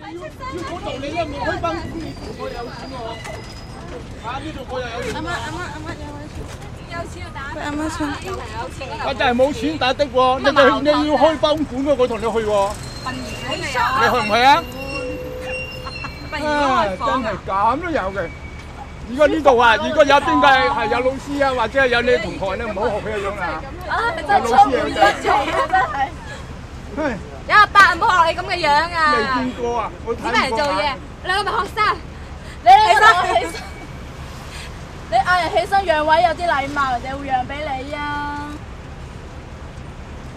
要講道理啦，冇開賓館，我有錢喎。啊呢度我又有錢。阿媽阿媽阿媽有冇錢？有錢就打的。阿媽叔，我就係冇錢打的喎。你你你要開賓館嘅，我同你去喎。你去唔去啊？啊，真係咁都有嘅。如果呢度啊，如果有邊個係有老師啊，或者係有你同學，你唔好學佢嘅樣啊。啊，真係好得意啊！真係。哼。阿伯唔好學你咁嘅樣啊！未見過啊！我啲咩人做嘢？你係咪學生？你你你你，你嗌人起身讓位有啲禮貌，人哋會讓俾你啊！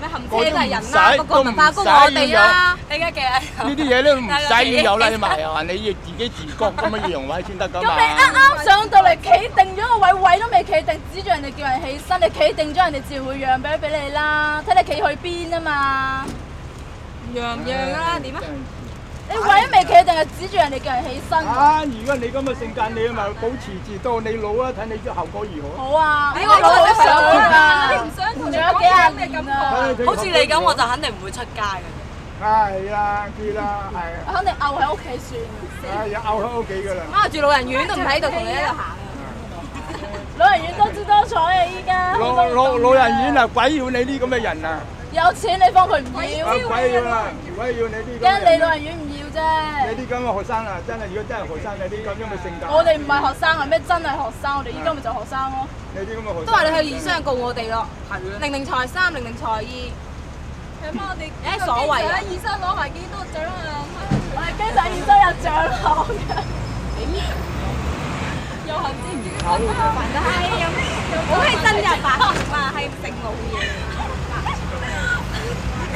咩含車嘅人啦，個個文化高我哋啦！你嘅嘅呢啲嘢都唔使要有禮貌啦，係咪啊？你要自己自覺咁樣讓位先得噶嘛！咁你啱啱上到嚟，企定咗個位，位都未企定，指住人哋叫人起身，你企定咗，人哋自然會讓俾俾你啦。睇你企去邊啊嘛！樣樣啦，點啊？你為咗未企定係指住人哋叫人起身？啊！如果你咁嘅性格，你咪保持住到你老啊，睇你啲效果如何？好啊，你話攞張相啊？你唔想同你屋企人咩咁講？好似你咁，我就肯定唔會出街嘅。係啊，知啦，係。我肯定漚喺屋企算。啊，有漚喺屋企噶啦。啊，住老人院都唔喺度同你喺度行啊！老人院多姿多彩啊！依家老老老人院啊，鬼要你呢咁嘅人啊！有錢你放佢唔要啊！有鬼要啦！有你呢啲，一你老人院唔要啫。你啲咁嘅學生啊，真係如果真係學生，你啲咁樣嘅性格。我哋唔係學生啊，咩真係學生？我哋依家咪就學生咯。你啲咁嘅學生都話你去二商告我哋咯。零零財三，零零財二。佢幫我哋，咩所謂啊？二商攞埋幾多獎啊？我係經常二商有獎項嘅。咦？又行之唔好，煩到閪咁。好真就白講啦，係唔成冇嘢。